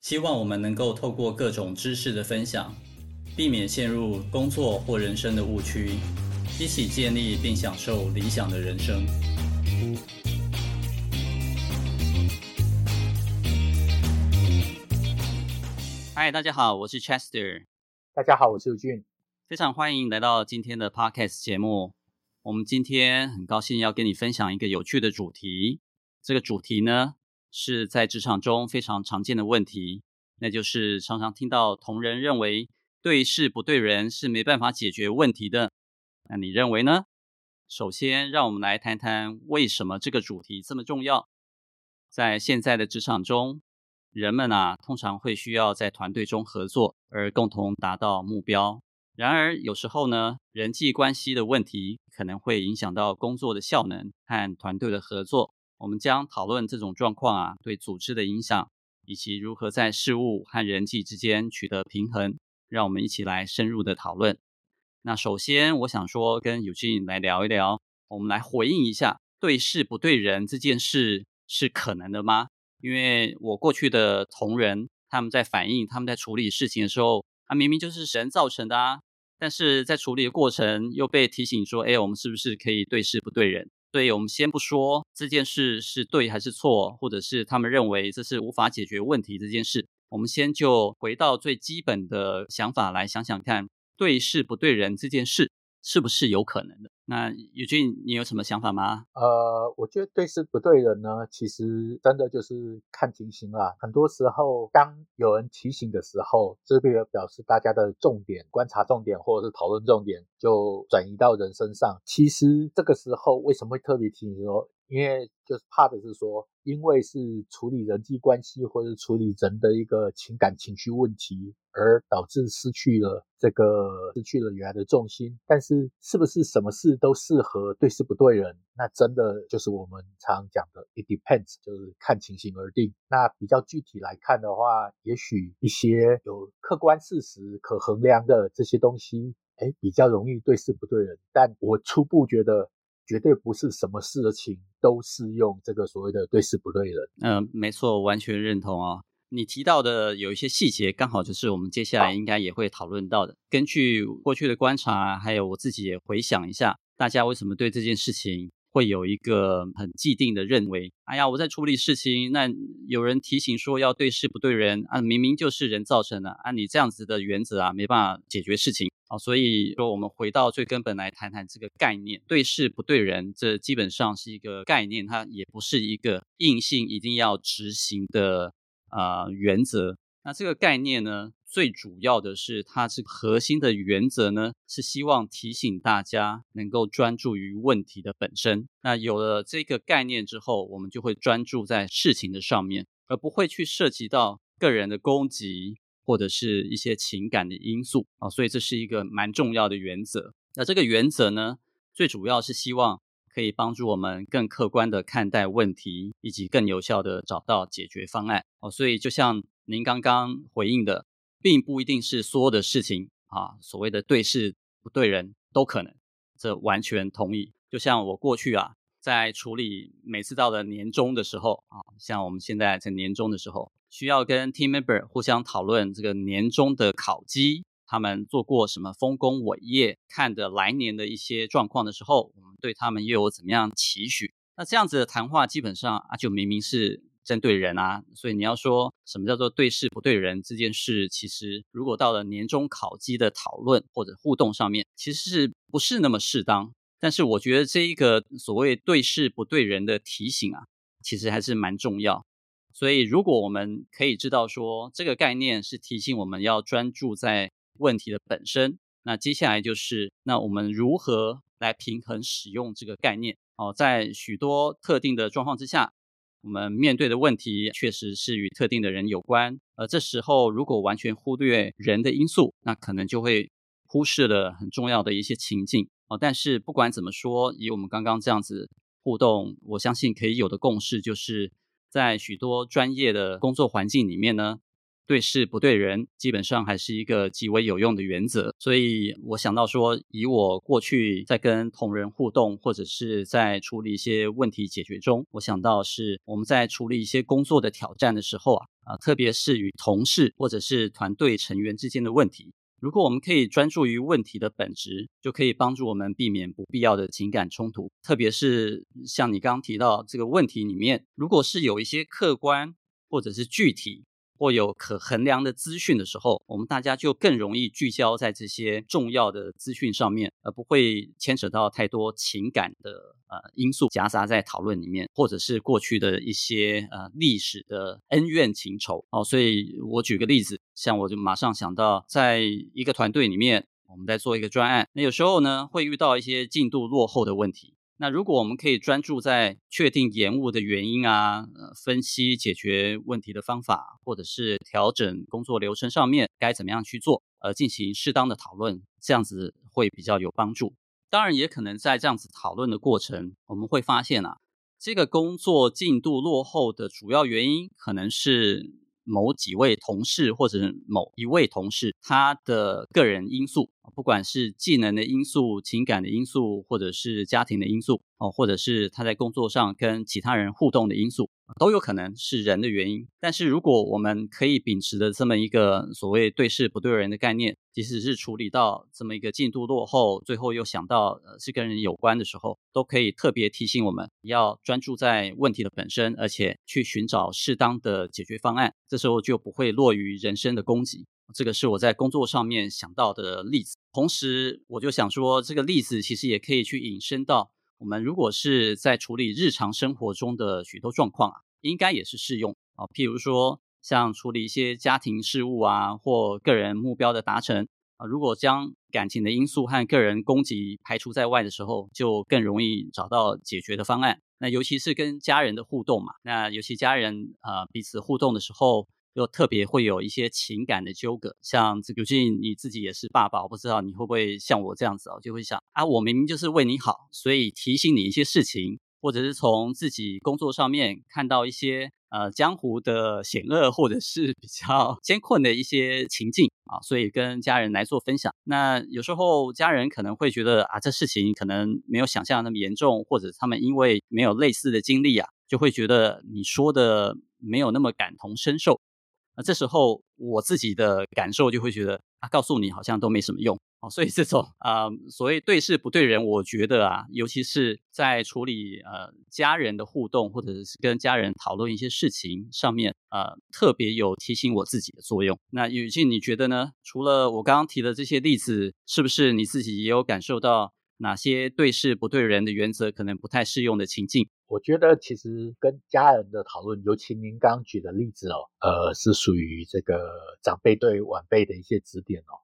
希望我們能夠透過各種知識的分享，避免陷入工作或人生的誤區，一起建立並享受理想的人生。嗨、嗯，Hi, 大家好，我是 Chester。大家好，我是尤金。非常歡迎來到今天的 Podcast 節目。我們今天很高興要跟你分享一個有趣的主題。這個主題呢，是在職場中非常常見的問題，那就是常常聽到同仁認為對事不對人是沒辦法解決問題的。那你認為呢？首先，讓我們來談談為什麼這個主題這麼重要。在現在的職場中，人們啊通常會需要在團隊中合作，而共同達到目標。然而，有時候呢人際關係的問題可能會影響到工作的效能和團隊的合作。我們將討論這種狀況啊對組織的影響，以及如何在事物和人際之間取得平衡。讓我們一起來深入的討論。那首先，我想說跟尤金來聊一聊，我們來回應一下“對事不對人”這件事是可能的嗎？因為我過去的同仁他們在反映他們在處理事情的時候，他、啊、明明就是神造成的啊，但是在處理的過程又被提醒說，哎，我們是不是可以對事不對人？所以我們先不說這件事是對還是錯，或者是他們認為這是無法解決問題這件事。我們先就回到最基本的想法來想想看，對事不對人這件事是不是有可能的？那尤金，你有什麼想法嗎？呃，我覺得對事不對人呢，其實真的就是看情形啦。很多時候，當有人提醒的時候，這邊表示大家的重點、觀察重點或者是討論重點就轉移到人身上。其實這個時候為什麼會特別提醒說？因為就是怕的是說，因為是處理人際關係或者是處理人的一個情感情緒問題，而導致失去了這個失去了原來的重心。但是是不是什麼事都適合對事不對人？那真的就是我們常講的 “it depends”，就是看情形而定。那比較具體來看的話，也許一些有客觀事實可衡量的這些東西，哎，比較容易對事不對人。但我初步覺得。絕對不是什麼事情都適用這個所謂的“對事不對人”。嗯、呃，沒錯，完全認同哦。你提到的有一些細節，剛好就是我們接下來應該也會討論到的。啊、根據過去的觀察，還有我自己也回想一下，大家為什麼對這件事情？會有一個很既定的認為，哎呀，我在處理事情，那有人提醒說要對事不對人，啊，明明就是人造成的，啊，你這樣子的原則啊，沒辦法解決事情啊，所以說我們回到最根本來談談這個概念，對事不對人，這基本上是一個概念，它也不是一個硬性一定要執行的啊、呃、原則，那這個概念呢，最主要的是，它是核心的原則呢，是希望提醒大家能夠專注於問題的本身。那有了這個概念之後，我們就會專注在事情的上面，而不會去涉及到個人的攻擊或者是一些情感的因素啊。哦，所以這是一個蠻重要的原則。那這個原則呢，最主要是希望可以幫助我們更客觀地看待問題，以及更有效地找到解決方案哦。所以就像您剛剛回應的。並不一定是所有的事情啊，所謂的對事不對人都可能。這完全同意。就像我過去啊，在處理每次到了年終的時候啊，像我們現在在年終的時候，需要跟 team member 互相討論這個年終的考績，他們做過什麼豐功偉業，看的來年的一些狀況的時候，我們對他們又有怎麼樣期許？那這樣子的談話，基本上啊，就明明是。針對人啊，所以你要說什麼叫做對事不對人這件事，其實如果到了年終考績的討論或者互動上面，其實是不是那麼適當？但是我覺得這一個所謂對事不對人的提醒啊，其實還是蠻重要。所以如果我們可以知道說，這個概念是提醒我們要專注在問題的本身，那接下來就是那我們如何來平衡使用這個概念哦，在許多特定的狀況之下。我們面對的問題確實是與特定的人有關，而這時候如果完全忽略人的因素，那可能就會忽視了很重要的一些情境啊。但是不管怎麼說，以我們剛剛這樣子互動，我相信可以有的共識就是在許多專業的工作環境裡面呢。對事不對人，基本上還是一個極為有用的原則。所以我想到說，以我過去在跟同仁互動，或者是在處理一些問題解決中，我想到是我們在處理一些工作的挑戰的時候啊，啊，特別是與同事或者是團隊成員之間的問題。如果我們可以專注於問題的本質，就可以幫助我們避免不必要的情感衝突。特別是像你剛剛提到這個問題裡面，如果是有一些客觀或者是具體。或有可衡量的資訊的時候，我們大家就更容易聚焦在這些重要的資訊上面，而不會牽扯到太多情感的呃因素夾雜在討論裡面，或者是過去的一些呃歷史的恩怨情仇哦。所以我舉個例子，像我就馬上想到，在一個團隊裡面，我們在做一個專案，那有時候呢，會遇到一些進度落後的問題。那如果我們可以專注在確定延誤的原因啊，呃，分析解決問題的方法，或者是調整工作流程上面該怎麼樣去做，而進行適當的討論，這樣子會比較有幫助。當然，也可能在這樣子討論的過程，我們會發現啊，這個工作進度落後的主要原因可能是某幾位同事或者某一位同事他的個人因素。不管是技能的因素、情感的因素，或者是家庭的因素，哦，或者是他在工作上跟其他人互動的因素，都有可能是人的原因。但是，如果我們可以秉持著這麼一個所謂“對事不對人”的概念，即使是處理到這麼一個進度落後，最後又想到呃是跟人有關的時候，都可以特別提醒我們要專注在問題的本身，而且去尋找適當的解決方案。這時候就不會落於人身的攻擊。這個是我在工作上面想到的例子，同時我就想說，這個例子其實也可以去引申到我們如果是在處理日常生活中的許多狀況啊，應該也是適用啊。譬如說，像處理一些家庭事務啊，或個人目標的達成啊，如果將感情的因素和個人攻擊排除在外的時候，就更容易找到解決的方案。那尤其是跟家人的互動嘛，那尤其家人啊、呃、彼此互動的時候。就特別會有一些情感的糾葛，像如今你自己也是爸爸，我不知道你會不會像我這樣子哦，就會想啊，我明明就是為你好，所以提醒你一些事情，或者是從自己工作上面看到一些呃江湖的險惡，或者是比較艱困的一些情境啊，所以跟家人來做分享。那有時候家人可能會覺得啊，這事情可能沒有想象的那麼嚴重，或者他們因為沒有類似的經歷啊，就會覺得你說的沒有那麼感同身受。那、啊、這時候我自己的感受就會覺得，他、啊、告訴你好像都沒什麼用哦，所以這種啊、呃、所謂對事不對人，我覺得啊，尤其是在處理呃家人的互動或者是跟家人討論一些事情上面，呃特別有提醒我自己的作用。那尤金，你覺得呢？除了我剛剛提的這些例子，是不是你自己也有感受到？哪些對事不對人的原則可能不太適用的情境？我覺得其實跟家人的討論，尤其您剛舉的例子哦，呃，是屬於這個長輩對晚輩的一些指點哦。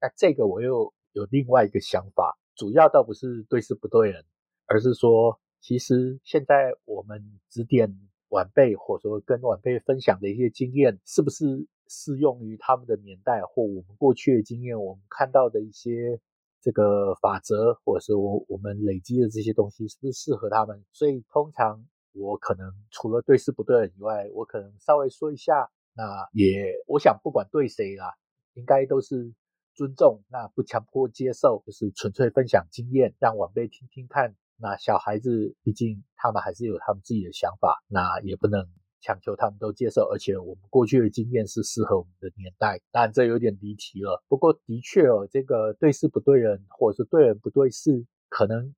那這個我又有另外一個想法，主要倒不是對事不對人，而是說，其實現在我們指點晚輩或者說跟晚輩分享的一些經驗，是不是適用於他們的年代或我們過去的經驗？我們看到的一些。這個法則，或者是我我們累積的這些東西，是不是適合他們？所以通常我可能除了對事不對以外，我可能稍微說一下。那也我想不管對誰啦、啊，應該都是尊重。那不強迫接受，就是純粹分享經驗，讓晚輩聽聽看。那小孩子畢竟他們還是有他們自己的想法，那也不能。強求他們都接受，而且我們過去的經驗是適合我們的年代，當然這有點離題了。不過，的確哦，這個對事不對人，或者是對人不對事，可能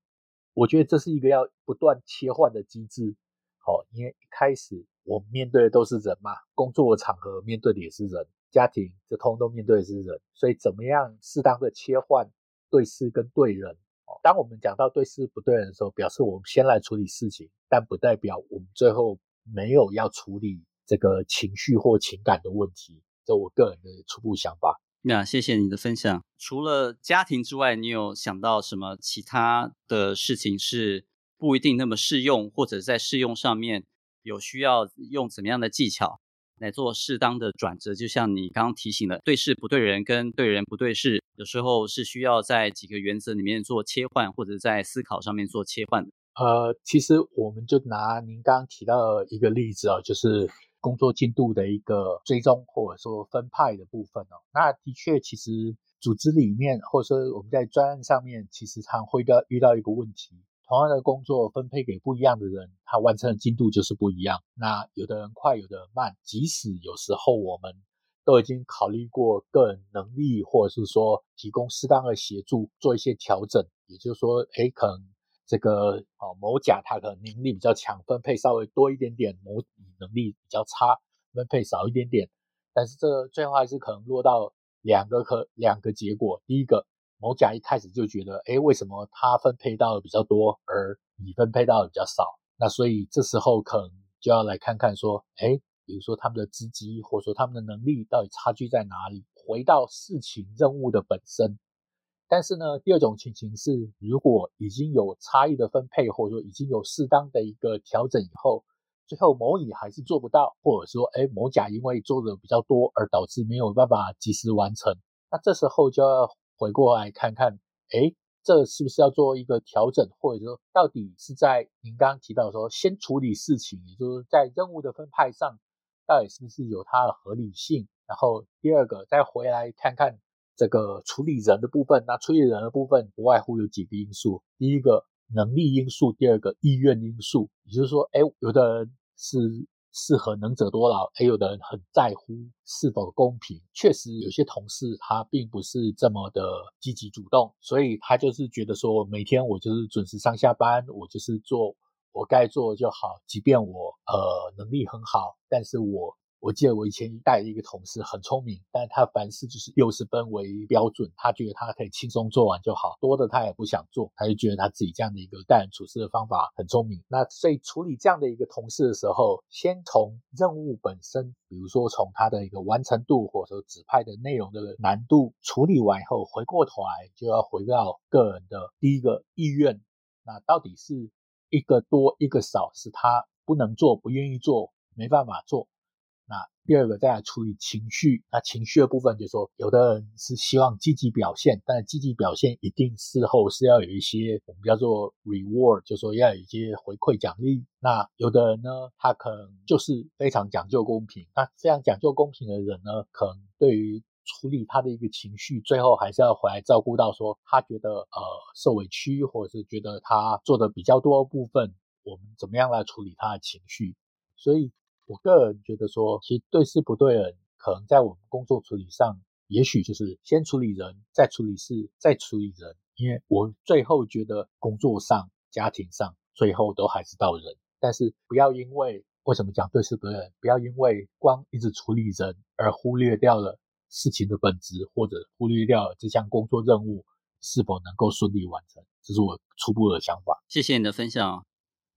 我覺得這是一個要不斷切換的機制。好，哦，因為一開始我們面對的都是人嘛，工作的場合面對的也是人，家庭就通通都面對的是人，所以怎麼樣適當的切換對事跟對人。哦，當我們講到對事不對人的時候，表示我們先來處理事情，但不代表我們最後沒有要處理這個情緒或情感的問題，這我個人的初步想法。那，yeah，謝謝你的分享。除了家庭之外，你有想到什麼其他的事情是不一定那麼適用，或者在適用上面有需要用怎麼樣的技巧來做適當的轉折？就像你剛剛提醒的，對事不對人，跟對人不對事，有時候是需要在幾個原則裡面做切換，或者在思考上面做切換的。呃，其實我們就拿您剛剛提到的一個例子啊、哦，就是工作進度的一個追蹤，或者說分派的部分哦。那的確，其實組織裡面，或者說我們在專案上面，其實常會遇到遇到一個問題：同樣的工作分配給不一樣的人，他完成的進度就是不一樣。那有的人快，有的人慢。即使有時候我們都已經考慮過個人能力，或者是說提供適當的協助做一些調整，也就是說，誒，可能。這個哦，某甲他可能能力比較強，分配稍微多一點點；某乙能力比較差，分配少一點點。但是這最後還是可能落到兩個可兩個結果：第一個，某甲一開始就覺得，哎，為什麼他分配到的比較多，而乙分配到的比較少？那所以這時候可能就要來看看說，哎，比如說他們的職級或者說他們的能力到底差距在哪裡？回到事情任務的本身。但是呢，第二種情形是，如果已經有差異的分配，或者說已經有適當的一個調整以後，最後某乙還是做不到，或者說，哎，某甲因為做的比較多而導致沒有辦法及時完成，那這時候就要回過來看看，哎，這是不是要做一個調整，或者說，到底是在您剛剛提到說先處理事情，也就是在任務的分派上，到底是不是有它的合理性？然後第二個，再回來看看。這個處理人的部分，那處理人的部分不外乎有幾個因素。第一個能力因素，第二個意願因素。也就是說，誒有的人是適合能者多勞，誒有的人很在乎是否公平。確實，有些同事他並不是這麼的積極主動，所以他就是覺得說，每天我就是準時上下班，我就是做我該做就好，即便我呃能力很好，但是我我記得我以前一帶的一個同事很聰明，但他凡事就是六十分為標準，他覺得他可以輕鬆做完就好，多的他也不想做，他就覺得他自己這樣的一個待人處事的方法很聰明。那所以處理這樣的一個同事的時候，先從任務本身，比如說從他的一個完成度或者說指派的內容的難度處理完以後，回過頭來就要回到個人的第一個意願，那到底是一個多一個少，是他不能做、不願意做、沒辦法做。那第二個再來處理情緒，那情緒的部分就是說，有的人是希望積極表現，但是積極表現一定事後是要有一些我們叫做 reward，就是說要有一些回饋獎勵。那有的人呢，他可能就是非常講究公平，那這樣講究公平的人呢，可能對於處理他的一個情緒，最後還是要回來照顧到說，他覺得呃受委屈，或者是覺得他做的比較多的部分，我們怎麼樣來處理他的情緒？所以。我個人覺得說，其實對事不對人，可能在我們工作處理上，也許就是先處理人，再處理事，再處理人。因為我最後覺得工作上、家庭上，最後都還是到人。但是不要因為為什麼講對事不對人，不要因為光一直處理人而忽略掉了事情的本質，或者忽略掉了這項工作任務是否能夠順利完成。這是我初步的想法。謝謝你的分享。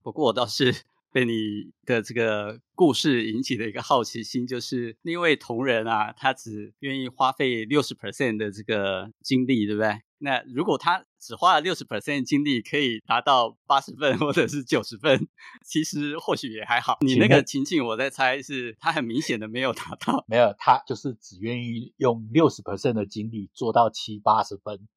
不過我倒是。被你的這個故事引起的一個好奇心，就是那位同仁啊，他只願意花費六十 percent 的這個精力，對不對？那如果他只花了六十 percent 精力，可以達到八十分或者是九十分，其實或許也還好。你那個情景，我在猜是他很明顯的沒有達到看，沒有，他就是只願意用六十 percent 的精力做到七八十分，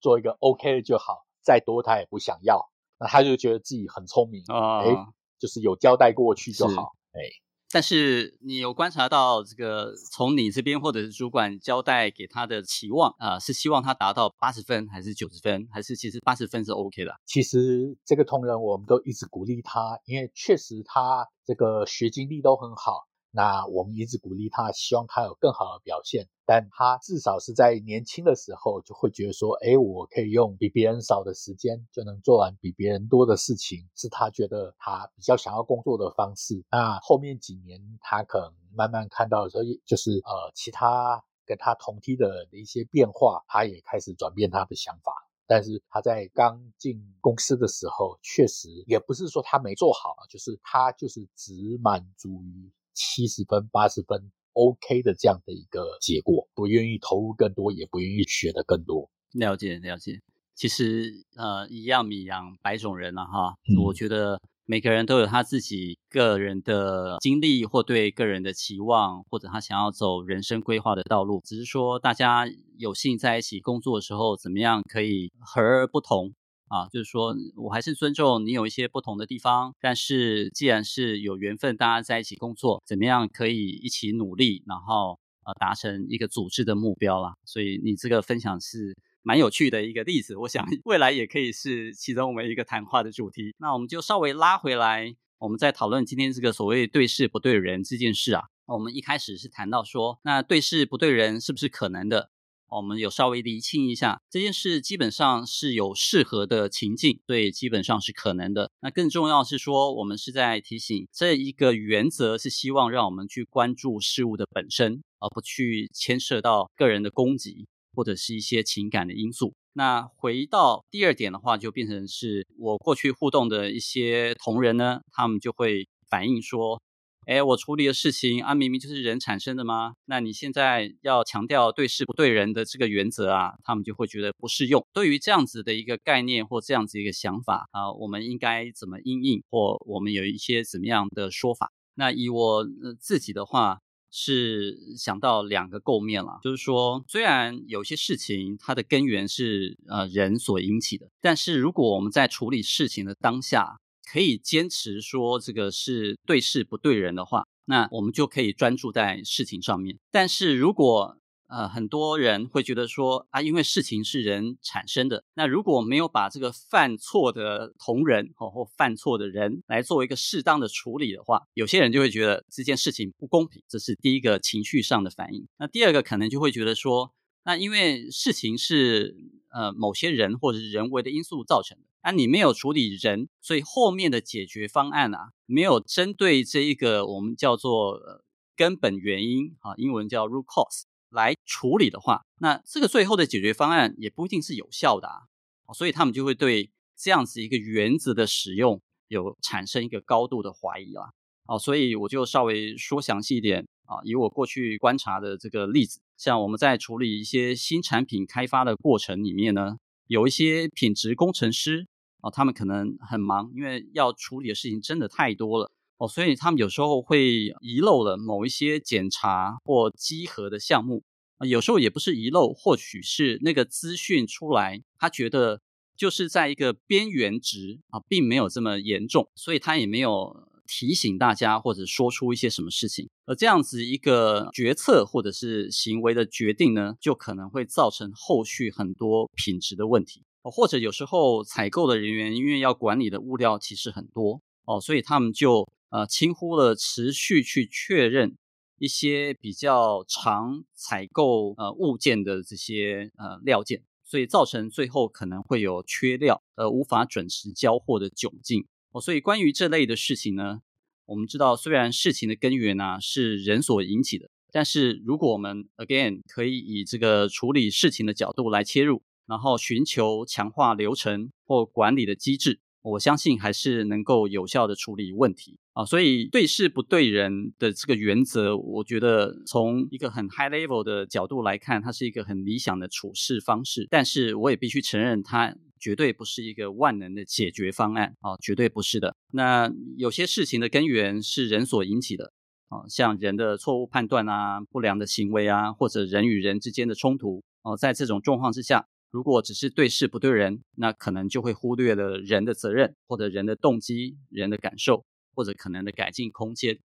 做一個 OK 就好，再多他也不想要。那他就覺得自己很聰明啊，哦誒就是有交代過去就好，哎是，對，但是你有觀察到這個從你這邊或者是主管交代給他的期望啊、呃，是希望他達到八十分還是九十分，還是其實八十分是 OK 的？其實這個同仁我們都一直鼓勵他，因為確實他這個學經歷都很好。那我們一直鼓勵他，希望他有更好的表現。但他至少是在年輕的時候就會覺得說，哎，我可以用比別人少的時間就能做完比別人多的事情，是他覺得他比較想要工作的方式。那後面幾年，他可能慢慢看到所以看到，所以就是呃，其他跟他同梯的一些變化，他也開始轉變他的想法。但是他在剛進公司的時候，確實也不是說他沒做好，就是他就是只滿足於。七十分、八十分，OK 的這樣的一個結果，不願意投入更多，也不願意學得更多。了解，了解。其實，呃，一樣米養百種人了，啊，哈。嗯。我覺得每個人都有他自己個人的經歷，或對個人的期望，或者他想要走人生規劃的道路。只是說，大家有幸在一起工作的時候，怎麼樣可以和而不同？啊，就是說，我還是尊重你有一些不同的地方，但是既然是有緣分，大家在一起工作，怎麼樣可以一起努力，然後呃達成一個組織的目標啦。所以你這個分享是蠻有趣的一個例子，我想未來也可以是其中我們一個談話的主題。那我們就稍微拉回來，我們在討論今天這個所謂“對事不對人”這件事啊。我們一開始是談到說，那對事不對人是不是可能的？我們有稍微釐清一下這件事，基本上是有適合的情境，對，基本上是可能的。那更重要是說，我們是在提醒，這一個原則是希望讓我們去關注事物的本身，而不去牽涉到個人的攻擊或者是一些情感的因素。那回到第二點的話，就變成是，我過去互動的一些同仁呢，他們就會反映說。哎，我處理的事情啊，明明就是人產生的嗎？那你現在要強調對事不對人的這個原則啊，他們就會覺得不適用。對於這樣子的一個概念或這樣子一個想法啊，我們應該怎麼因應？或我們有一些怎麼樣的說法？那以我、呃、自己的話，是想到兩個構面了，就是說，雖然有些事情它的根源是呃人所引起的，但是如果我們在處理事情的當下，可以堅持說這個是對事不對人的話，那我們就可以專注在事情上面。但是如果呃很多人會覺得說啊，因為事情是人產生的，那如果沒有把這個犯錯的同仁哦或犯錯的人來作為一個適當的處理的話，有些人就會覺得這件事情不公平，這是第一個情緒上的反應。那第二個可能就會覺得說，那因為事情是呃某些人或者是人為的因素造成的。啊，你沒有處理人，所以後面的解決方案啊，沒有針對這一個我們叫做呃根本原因啊，英文叫 root cause 來處理的話，那這個最後的解決方案也不一定是有效的啊，啊。所以他們就會對這樣子一個原則的使用有產生一個高度的懷疑啦，啊。哦，啊，所以我就稍微說詳細一點啊，以我過去觀察的這個例子，像我們在處理一些新產品開發的過程裡面呢，有一些品質工程師。哦，他們可能很忙，因為要處理的事情真的太多了哦，所以他們有時候會遺漏了某一些檢查或稽核的項目啊。有時候也不是遺漏，或許是那個資訊出來，他覺得就是在一個邊緣值啊，並沒有這麼嚴重，所以他也沒有提醒大家或者說出一些什麼事情。而這樣子一個決策或者是行為的決定呢，就可能會造成後續很多品質的問題。或者有時候採購的人員因為要管理的物料其實很多哦，所以他們就呃輕忽了持續去確認一些比較常採購呃物件的這些呃料件，所以造成最後可能會有缺料而、呃、無法準時交貨的窘境哦。所以關於這類的事情呢，我們知道雖然事情的根源呢、啊、是人所引起的，但是如果我們 again 可以以這個處理事情的角度來切入。然後尋求強化流程或管理的機制，我相信還是能夠有效的處理問題啊。所以對事不對人的這個原則，我覺得從一個很 high level 的角度來看，它是一個很理想的處事方式。但是我也必須承認，它絕對不是一個萬能的解決方案啊，絕對不是的。那有些事情的根源是人所引起的啊，像人的錯誤判斷啊、不良的行為啊，或者人與人之間的衝突啊，在這種狀況之下。如果只是對事不對人，那可能就會忽略了人的責任，或者人的動機、人的感受，或者可能的改進空間。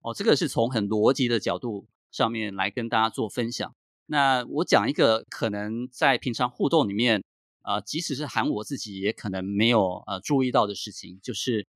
哦，這個是從很邏輯的角度上面來跟大家做分享。那我講一個可能在平常互動裡面，呃，即使是喊我自己，也可能沒有呃注意到的事情，就是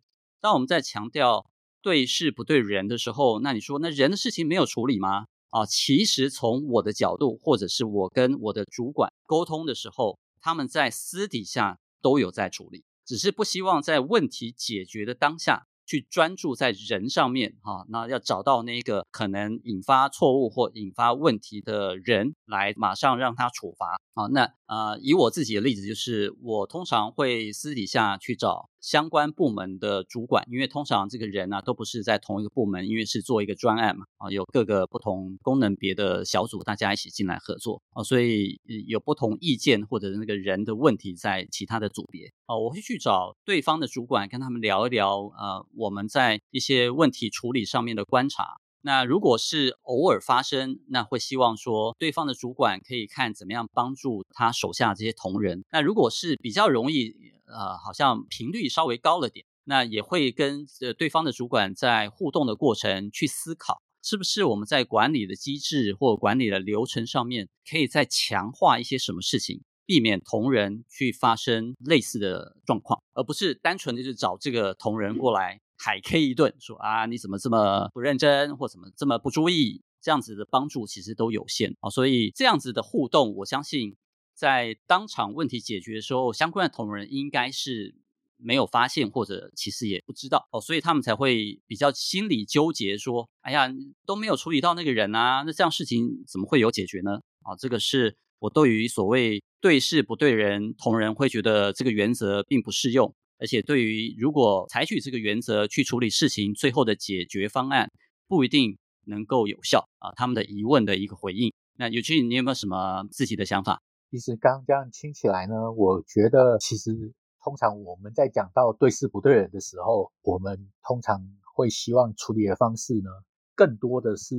當我們在強調對事不對人的時候，那你說那人的事情沒有處理嗎？啊，其實從我的角度，或者是我跟我的主管溝通的時候，他們在私底下都有在處理，只是不希望在問題解決的當下，去專注在人上面哈、啊，那要找到那個可能引發錯誤或引發問題的人，來馬上讓他處罰。好、啊，那。呃，以我自己的例子，就是我通常會私底下去找相關部門的主管，因為通常這個人啊都不是在同一個部門，因為是做一個專案嘛，啊，有各個不同功能別的小組大家一起進來合作，啊，所以有不同意見或者那個人的問題在其他的組別，啊，我會去找對方的主管跟他們聊一聊，呃，我們在一些問題處理上面的觀察。那如果是偶爾發生，那會希望說對方的主管可以看怎麼樣幫助他手下這些同仁。那如果是比較容易，呃，好像頻率稍微高了點，那也會跟對方的主管在互動的過程去思考，是不是我們在管理的機製或管理的流程上面，可以再強化一些什麼事情，避免同仁去發生類似的狀況，而不是單純的就是找這個同仁過來。海 K 一頓說啊，你怎麼這麼不認真，或怎麼這麼不注意？這樣子的幫助其實都有限啊、哦，所以這樣子的互動，我相信在當場問題解決的時候，相關的同仁應該是沒有發現，或者其實也不知道哦，所以他們才會比較心裡糾結，說，哎呀，都沒有處理到那個人啊，那這樣事情怎麼會有解決呢？啊、哦，這個是我對於所謂對事不對人，同仁會覺得這個原則並不適用。而且，對於如果採取這個原則去處理事情，最後的解決方案不一定能夠有效啊。他們的疑問的一個回應，那尤金，你有沒有什麼自己的想法？其實，剛剛這樣聽起來呢，我覺得其實通常我們在講到對事不對人的時候，我們通常會希望處理的方式呢，更多的是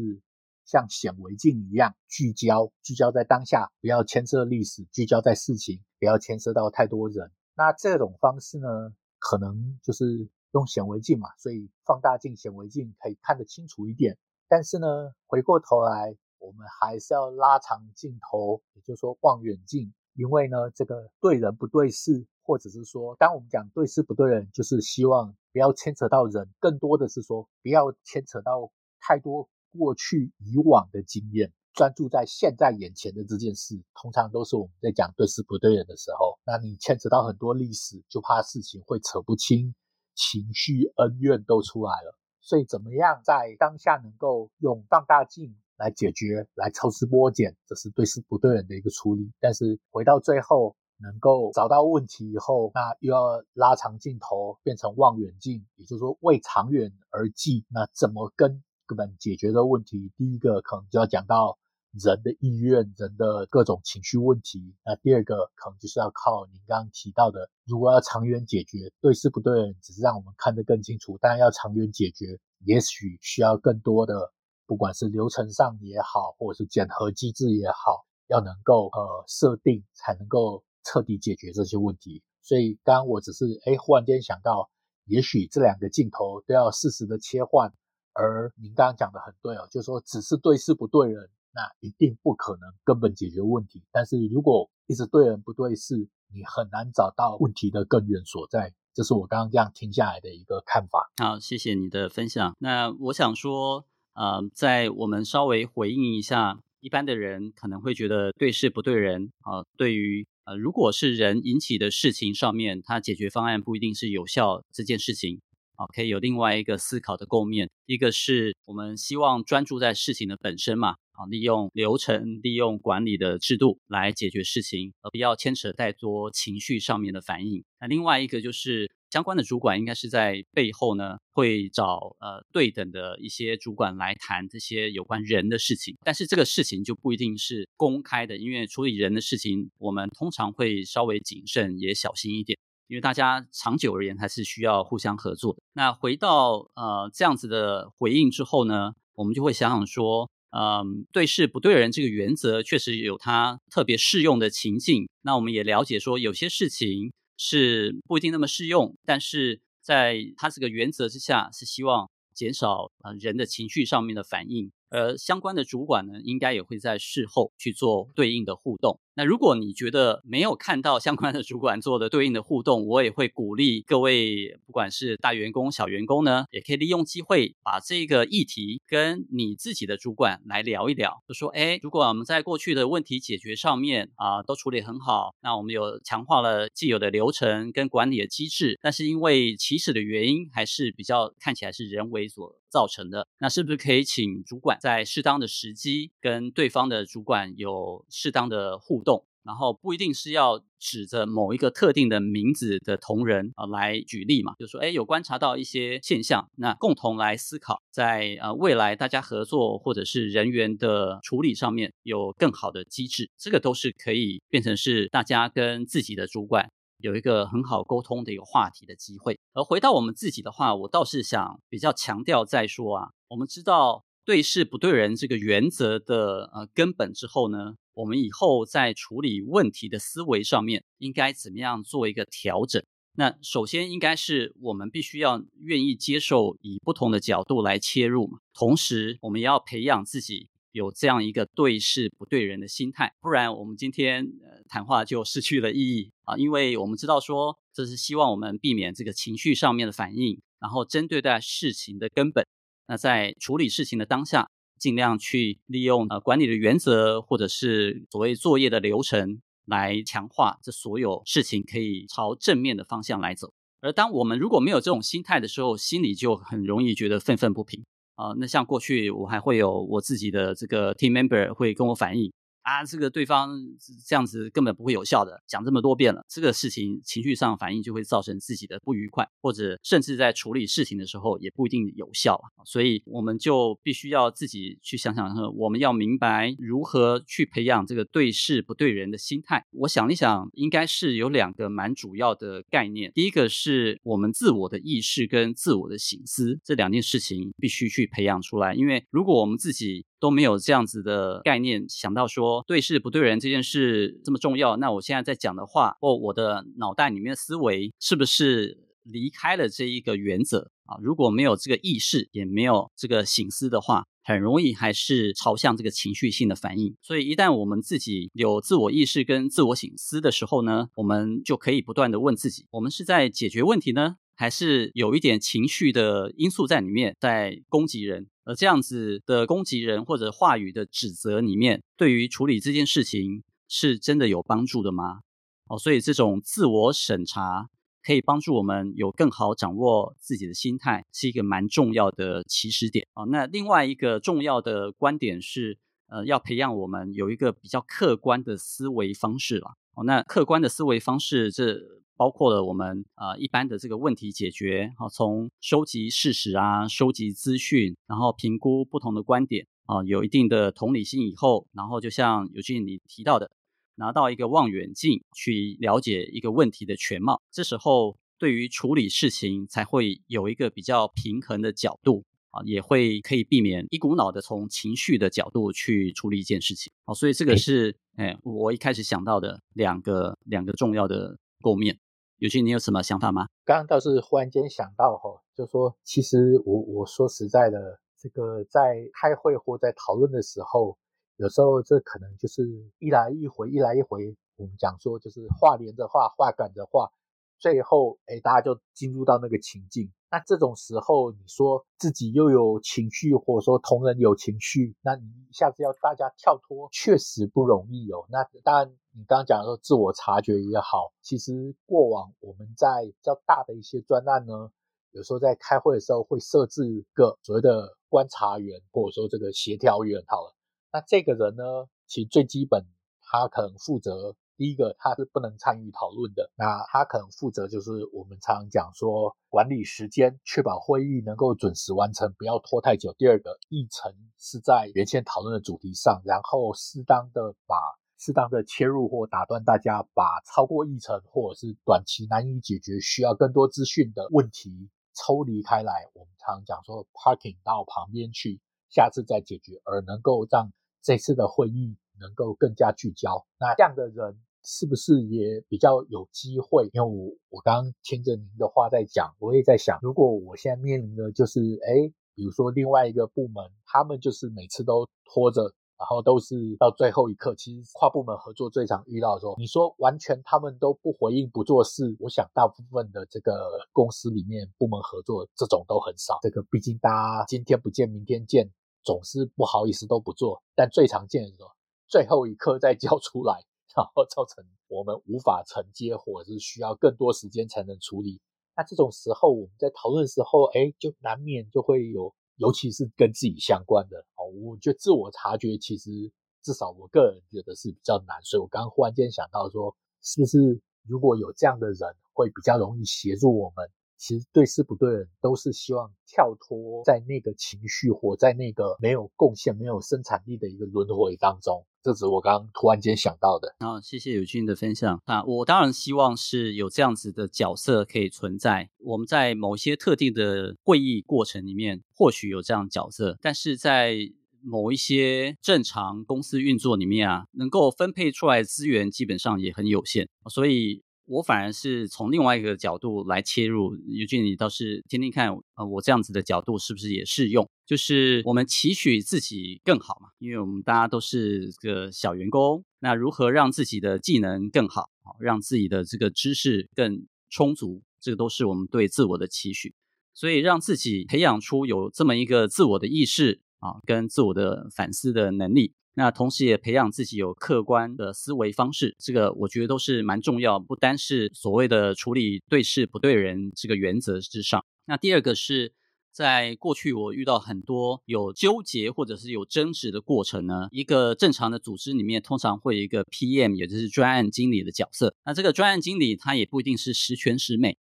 像顯微鏡一樣聚焦，聚焦在當下，不要牽涉歷史，聚焦在事情，不要牽涉到太多人。那這種方式呢，可能就是用顯微鏡嘛，所以放大鏡、顯微鏡可以看得清楚一點。但是呢，回過頭來，我們還是要拉長鏡頭，也就是說望遠鏡。因為呢，這個對人不對事，或者是說，當我們講對事不對人，就是希望不要牽扯到人，更多的是說不要牽扯到太多過去以往的經驗。專注在現在眼前的這件事，通常都是我們在講對事不對人的時候，那你牽扯到很多歷史，就怕事情會扯不清，情緒恩怨都出來了。所以怎麼樣在當下能夠用放大鏡來解決，來抽絲剝繭，這是對事不對人的一個處理。但是回到最後，能夠找到問題以後，那又要拉長鏡頭，變成望遠鏡，也就是說為長遠而計。那怎麼跟根本解決的問題？第一個可能就要講到。人的意願、人的各種情緒問題。那第二個可能就是要靠您剛剛提到的，如果要長遠解決，對事不對人，只是讓我們看得更清楚。當然要長遠解決，也許需要更多的，不管是流程上也好，或者是檢核機制也好，要能夠呃設定，才能夠徹底解決這些問題。所以剛剛我只是哎，忽然間想到，也許這兩個鏡頭都要適時的切換。而您剛剛講的很對哦，就是說只是對事不對人。那一定不可能根本解決問題，但是如果一直對人不對事，你很難找到問題的根源所在。這是我剛剛這樣聽下來的一個看法。好，謝謝你的分享。那我想說，呃，在我們稍微回應一下，一般的人可能會覺得對事不對人。啊，呃，對於呃，如果是人引起的事情上面，它解決方案不一定是有效這件事情。好，可以有另外一個思考的構面，一個是我們希望專注在事情的本身嘛，啊，利用流程、利用管理的制度來解決事情，而不要牽扯太多情緒上面的反應。那另外一個就是相關的主管應該是在背後呢，會找呃對等的一些主管來談這些有關人的事情，但是這個事情就不一定是公開的，因為處理人的事情，我們通常會稍微謹慎也小心一點。因為大家長久而言，還是需要互相合作的。那回到呃這樣子的回應之後呢，我們就會想想說，嗯、呃，對事不對人這個原則確實有它特別適用的情境。那我們也了解說，有些事情是不一定那麼適用，但是在它這個原則之下，是希望減少呃人的情緒上面的反應。呃，而相關的主管呢，應該也會在事後去做對應的互動。那如果你覺得沒有看到相關的主管做的對應的互動，我也會鼓勵各位，不管是大員工、小員工呢，也可以利用機會把這個議題跟你自己的主管來聊一聊，就說：哎，如果我們在過去的問題解決上面啊、呃，都處理很好，那我們有強化了既有的流程跟管理的機制，但是因為起始的原因，還是比較看起來是人為所造成的，那是不是可以請主管在適當的時機跟對方的主管有適當的互動，然後不一定是要指着某一個特定的名字的同仁啊、呃、來舉例嘛，就是說、誒、哎，有觀察到一些現象，那共同來思考在，在呃未來大家合作或者是人員的處理上面有更好的機制，這個都是可以變成是大家跟自己的主管。有一個很好溝通的一個話題的機會，而回到我們自己的話，我倒是想比較強調再說啊，我們知道對事不對人這個原則的呃根本之後呢，我們以後在處理問題的思維上面應該怎麼樣做一個調整？那首先應該是我們必須要願意接受以不同的角度來切入嘛，同時我們也要培養自己，有這樣一個對事不對人的心態，不然我們今天呃談話就失去了意義啊！因為我們知道說，這是希望我們避免這個情緒上面的反應，然後針對待事情的根本。那在處理事情的當下，盡量去利用呃管理的原則，或者是所謂作業的流程，來強化這所有事情可以朝正面的方向來走。而當我們如果沒有這種心態的時候，心裡就很容易覺得憤憤不平。啊、呃，那像過去我還會有我自己的這個 team member 會跟我反映。啊，這個對方這樣子根本不會有效的，講這麼多遍了，這個事情情緒上反應就會造成自己的不愉快，或者甚至在處理事情的時候也不一定有效。所以我們就必須要自己去想想，我們要明白如何去培養這個對事不對人的心態。我想一想，應該是有兩個蠻主要的概念，第一個是我們自我的意識跟自我的省思這兩件事情必須去培養出來，因為如果我們自己。都沒有這樣子的概念，想到說對事不對人這件事這麼重要。那我現在在講的話，哦，我的腦袋裡面的思維是不是離開了這一個原則啊？如果沒有這個意識，也沒有這個省思的話，很容易還是朝向這個情緒性的反應。所以，一旦我們自己有自我意識跟自我省思的時候呢，我們就可以不斷的問自己：我們是在解決問題呢，還是有一點情緒的因素在裡面在攻擊人？而這樣子的攻擊人或者話語的指責裡面，對於處理這件事情是真的有幫助的嗎？哦，所以這種自我審查可以幫助我們有更好掌握自己的心態，是一個蠻重要的起始點，哦，那另外一個重要的觀點是，呃，要培養我們有一個比較客觀的思維方式了。哦，那客觀的思維方式這包括了我們呃一般的這個問題解決啊，從收集事實啊，收集資訊，然後評估不同的觀點啊，有一定的同理心以後，然後就像尤金你提到的，拿到一個望遠鏡去了解一個問題的全貌，這時候對於處理事情才會有一個比較平衡的角度啊，也會可以避免一股腦的從情緒的角度去處理一件事情啊，所以這個是哎我一開始想到的兩個兩個重要的構面。尤金，你有什麼想法嗎？剛剛倒是忽然間想到吼、哦、就說其實我我說實在的，這個在開會或在討論的時候，有時候這可能就是一來一回，一來一回，我們講說就是話連著話，話趕著話。最後，哎，大家就進入到那個情境。那這種時候，你說自己又有情緒，或者說同仁有情緒，那你一下子要大家跳脫，確實不容易哦。那當然，你剛剛講說自我察覺也好，其實過往我們在比較大的一些專案呢，有時候在開會的時候會設置個所謂的觀察員，或者說這個協調員好了。那這個人呢，其實最基本，他可能負責。第一個，他是不能參與討論的。那他可能負責就是我們常講說，管理時間，確保會議能夠準時完成，不要拖太久。第二個，議程是在原先討論的主題上，然後適當的把適當的切入或打斷大家，把超過議程或者是短期難以解決、需要更多資訊的問題抽離開來。我們常講說，parking 到旁邊去，下次再解決，而能夠讓這次的會議能夠更加聚焦。那這樣的人。是不是也比較有機會？因為我我剛剛聽着您的話在講，我也在想，如果我現在面臨的就是，哎，比如說另外一個部門，他們就是每次都拖着，然後都是到最後一刻。其實跨部門合作最常遇到的時候，你說完全他們都不回應、不做事，我想大部分的這個公司裡面部門合作這種都很少。這個畢竟大家今天不見明天見，總是不好意思都不做。但最常見的時候，最後一刻再交出來。然後造成我們無法承接，或者是需要更多時間才能處理。那這種時候，我們在討論的時候，哎，就難免就會有，尤其是跟自己相關的。哦，我覺得自我察覺其實至少我個人覺得是比較難。所以我剛忽然間想到說，是不是如果有這樣的人，會比較容易協助我們？其實對事不對人，都是希望跳脫在那個情緒，活在那個沒有貢獻、沒有生產力的一個輪回當中。這只是我剛剛突然間想到的。好，然後謝謝尤金的分享啊，我當然希望是有這樣子的角色可以存在。我們在某一些特定的會議過程裡面，或許有這樣角色，但是在某一些正常公司運作裡面啊，能夠分配出來資源基本上也很有限，所以。我反而是從另外一個角度來切入，尤金，你倒是聽聽看，呃，我這樣子的角度是不是也適用？就是我們期許自己更好嘛，因為我們大家都是個小員工，那如何讓自己的技能更好，讓自己的這個知識更充足，這個都是我們對自我的期許。所以，讓自己培養出有這麼一個自我的意識啊，跟自我的反思的能力。那同時也培養自己有客觀的思維方式，這個我覺得都是蠻重要，不單是所謂的處理對事不對人這個原則之上。那第二個是在過去我遇到很多有糾結或者是有爭執的過程呢，一個正常的組織裡面通常會有一個 PM，也就是專案經理的角色。那這個專案經理他也不一定是十全十美。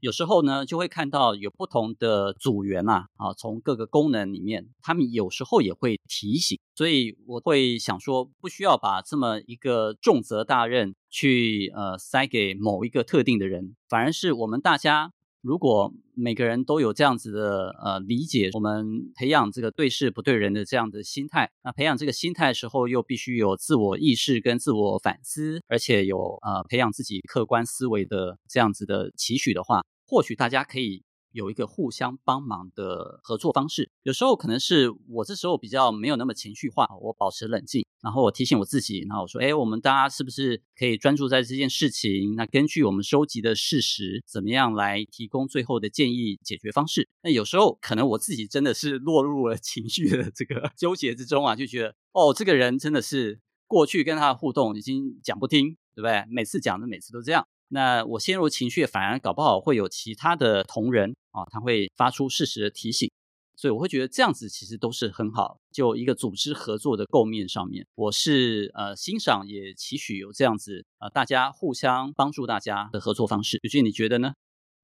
有時候呢，就會看到有不同的組員啊，啊，從各個功能裡面，他們有時候也會提醒，所以我會想說，不需要把這麼一個重責大任去呃塞給某一個特定的人，反而是我們大家。如果每個人都有這樣子的呃理解，我們培養這個對事不對人的這樣的心態，那培養這個心態的時候又必須有自我意識跟自我反思，而且有呃培養自己客觀思維的這樣子的期許的話，或許大家可以。有一個互相幫忙的合作方式，有時候可能是我這時候比較沒有那麼情緒化，我保持冷靜，然後我提醒我自己，然後我說，哎，我們大家是不是可以專注在這件事情？那根據我們收集的事實，怎麼樣來提供最後的建議解決方式？那有時候可能我自己真的是落入了情緒的這個糾結之中啊，就覺得哦，這個人真的是過去跟他的互動已經講不聽，對不對？每次講的每次都這樣。那我陷入情緒，反而搞不好會有其他的同仁啊，他會發出適時的提醒，所以我會覺得這樣子其實都是很好。就一個組織合作的構面上面，我是呃欣賞，也期許有這樣子呃大家互相幫助，大家的合作方式。尤金你覺得呢？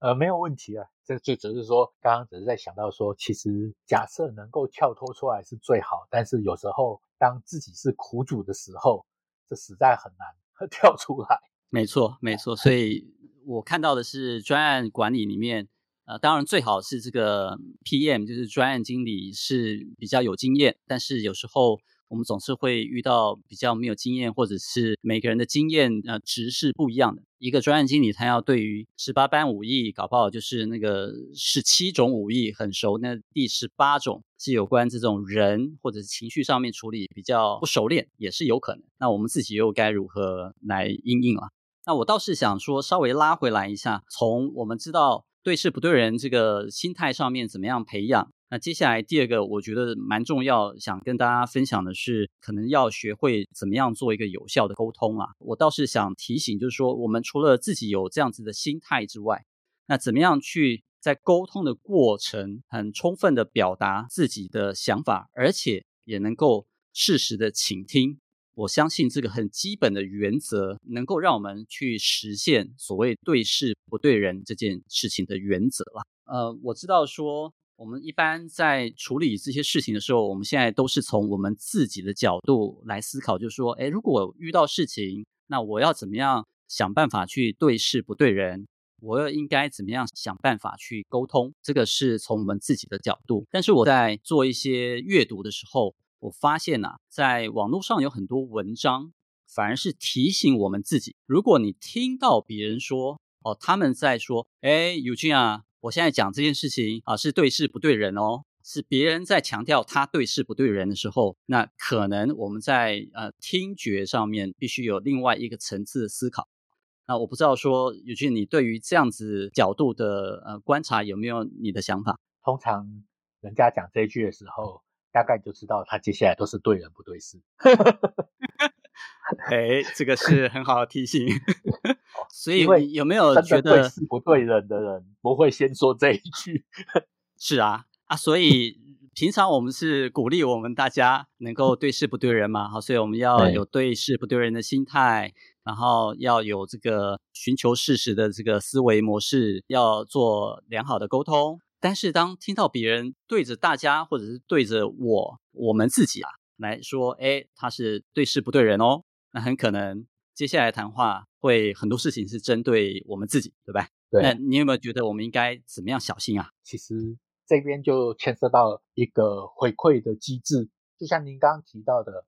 呃，沒有問題啊。這就只是說，剛剛只是在想到說，其實假設能夠跳脫出來是最好，但是有時候當自己是苦主的時候，這實在很難跳出來。沒錯，沒錯。所以我看到的是專案管理裡面，呃，當然最好是這個 PM，就是專案經理是比較有經驗。但是有時候我們總是會遇到比較沒有經驗，或者是每個人的經驗呃值，是不一樣的。一個專案經理他要對於十八般武藝，搞不好就是那個十七種武藝很熟，那個、第十八種是有關這種人或者是情緒上面處理比較不熟練，也是有可能。那我們自己又該如何來因應啊？那我倒是想說，稍微拉回來一下，從我們知道對事不對人這個心態上面怎麼樣培養。那接下來第二個，我覺得蠻重要，想跟大家分享的是，可能要學會怎麼樣做一個有效的溝通啊。我倒是想提醒，就是說，我們除了自己有這樣子的心態之外，那怎麼樣去在溝通的過程很充分的表達自己的想法，而且也能夠適時的傾聽。我相信這個很基本的原則，能夠讓我們去實現所謂“對事不對人”這件事情的原則了。呃，我知道說，我們一般在處理這些事情的時候，我們現在都是從我們自己的角度來思考，就是說，誒，如果遇到事情，那我要怎麼樣想辦法去對事不對人？我又應該怎麼樣想辦法去溝通？這個是從我們自己的角度。但是我在做一些閱讀的時候。我發現吶、啊，在網絡上有很多文章，反而是提醒我們自己：如果你聽到別人說“哦，他們在說”，哎、欸，尤金啊，我現在講這件事情啊是對事不對人哦，是別人在強調他對事不對人的時候，那可能我們在呃聽覺上面必須有另外一個層次的思考。那我不知道說尤金，你對於這樣子角度的呃觀察有沒有你的想法？通常人家講這一句的時候、嗯。大概就知道他接下來都是對人不對事。 哎，這個是很好的提醒。 所以有沒有覺得對事不對人的人不會先說這一句？是啊啊，所以平常我們是鼓勵我們大家能夠對事不對人嘛。好，所以我們要有對事不對人的心態，然後要有這個尋求事實的這個思維模式，要做良好的溝通。但是當聽到別人對着大家，或者是對着我，我們自己啊來說，誒，他是對事不對人哦，那很可能接下來談話會很多事情是針對我們自己，對吧？對。那你有沒有覺得我們應該怎麼樣小心啊？其實這邊就牽涉到一個回饋的機制，就像您剛剛提到的，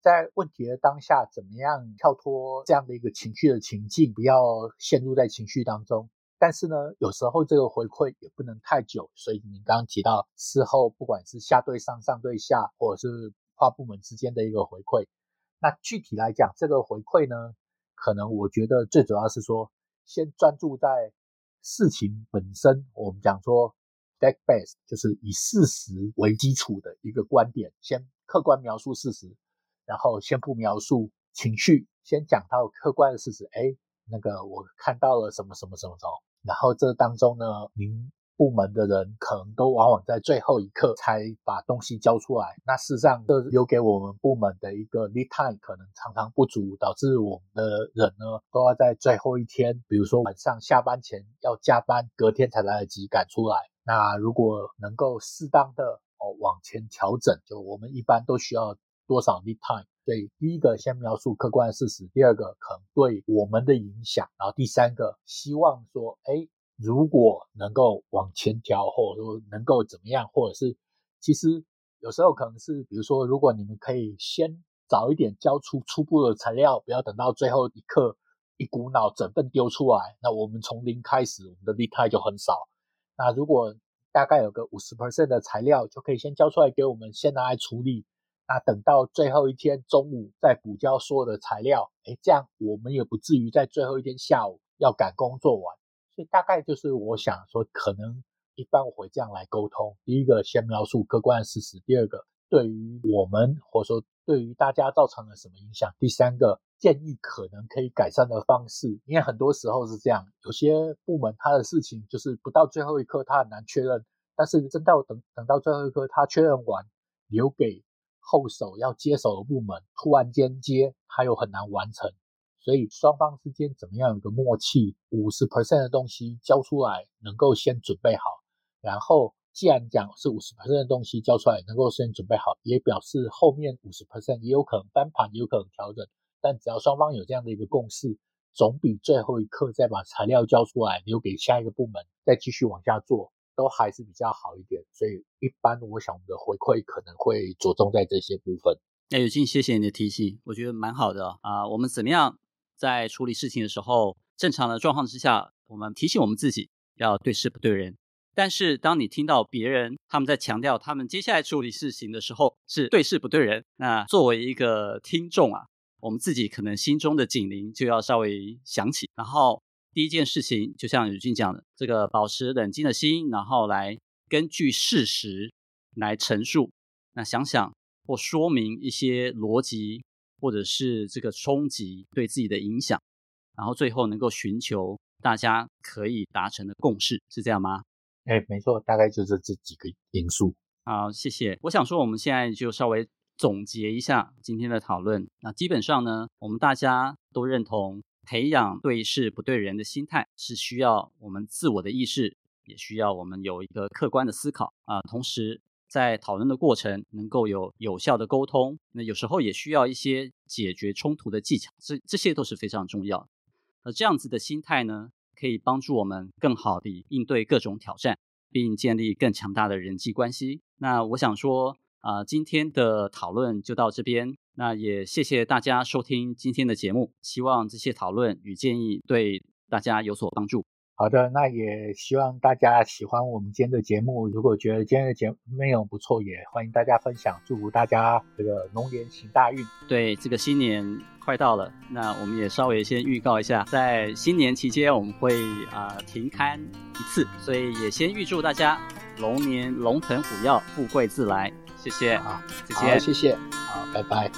在問題的當下，怎麼樣跳脫這樣的一個情緒的情境，不要陷入在情緒當中。但是呢，有時候這個回饋也不能太久，所以您剛剛提到事後，不管是下對上、上對下，或者是跨部門之間的一個回饋，那具體來講，這個回饋呢，可能我覺得最主要是說，先專注在事情本身。我們講說，deck base 就是以事實為基礎的一個觀點，先客觀描述事實，然後先不描述情緒，先講到客觀的事實。哎，那個我看到了什麼什麼什麼着。然後這當中呢，您部門的人可能都往往在最後一刻才把東西交出來。那事實上，這留給我們部門的一個 lead time 可能常常不足，導致我們的人呢都要在最後一天，比如說晚上下班前要加班，隔天才來得及趕出來。那如果能夠適當的哦往前調整，就我們一般都需要多少 lead time？對，第一個先描述客觀事實，第二個可能對我們的影響，然後第三個希望說，哎，如果能夠往前調，或者說能夠怎麼樣，或者是其實有時候可能是，比如說，如果你們可以先早一點交出初步的材料，不要等到最後一刻一股腦整份丟出來，那我們從零開始，我們的 lead time 就很少。那如果大概有個五十 percent 的材料，就可以先交出來給我們，先拿來處理。那等到最後一天中午再補交所有的材料，哎，這樣我們也不至於在最後一天下午要趕工作完。所以大概就是我想說，可能一般我會這樣來溝通：第一個，先描述客觀的事實；第二個，對於我們或者說對於大家造成了什麼影響；第三個，建議可能可以改善的方式。因為很多時候是這樣，有些部門他的事情就是不到最後一刻他很難確認，但是真到等等到最後一刻他確認完，留給，後手要接手的部門突然間接，還有很難完成，所以雙方之間怎麼樣有個默契？五十 percent 的東西交出來，能夠先準備好。然後既然講是五十 percent 的東西交出來，能夠先準備好，也表示後面五十 percent 也有可能翻盤，也有可能調整。但只要雙方有這樣的一個共識，總比最後一刻再把材料交出來，留給下一個部門，再繼續往下做。都還是比較好一點，所以一般我想我們的回饋可能會着重在這些部分。那尤金，謝謝你的提醒，我覺得蠻好的啊、哦呃。我們怎麼樣在處理事情的時候，正常的狀況之下，我們提醒我們自己要對事不對人。但是當你聽到別人他們在強調他們接下來處理事情的時候是對事不對人，那作為一個聽眾啊，我們自己可能心中的警鈴就要稍微響起，然後。第一件事情，就像尤金講的，這個保持冷靜的心，然後來根據事實來陳述，那想想或說明一些邏輯，或者是這個衝擊對自己的影響，然後最後能夠尋求大家可以達成的共識，是這樣嗎？誒、欸、沒錯，大概就是這幾個因素。好，謝謝。我想說，我們現在就稍微總結一下今天的討論。那基本上呢，我們大家都認同。培養對事不對人的心態，是需要我們自我的意識，也需要我們有一個客觀的思考啊。同時，在討論的過程能夠有有效的溝通，那有時候也需要一些解決衝突的技巧，這這些都是非常重要的。那這樣子的心態呢，可以幫助我們更好地應對各種挑戰，並建立更強大的人際關係。那我想說。啊、呃，今天的討論就到這邊。那也謝謝大家收聽今天的節目，希望這些討論與建議對大家有所幫助。好的，那也希望大家喜歡我們今天的節目。如果覺得今天的節目內容不錯也，也歡迎大家分享。祝福大家這個龍年行大運。對，這個新年快到了，那我們也稍微先預告一下，在新年期間我們會啊、呃、停刊一次，所以也先預祝大家龍年龍騰虎躍，富貴自來。謝謝，啊，謝謝好，謝謝，好，拜拜。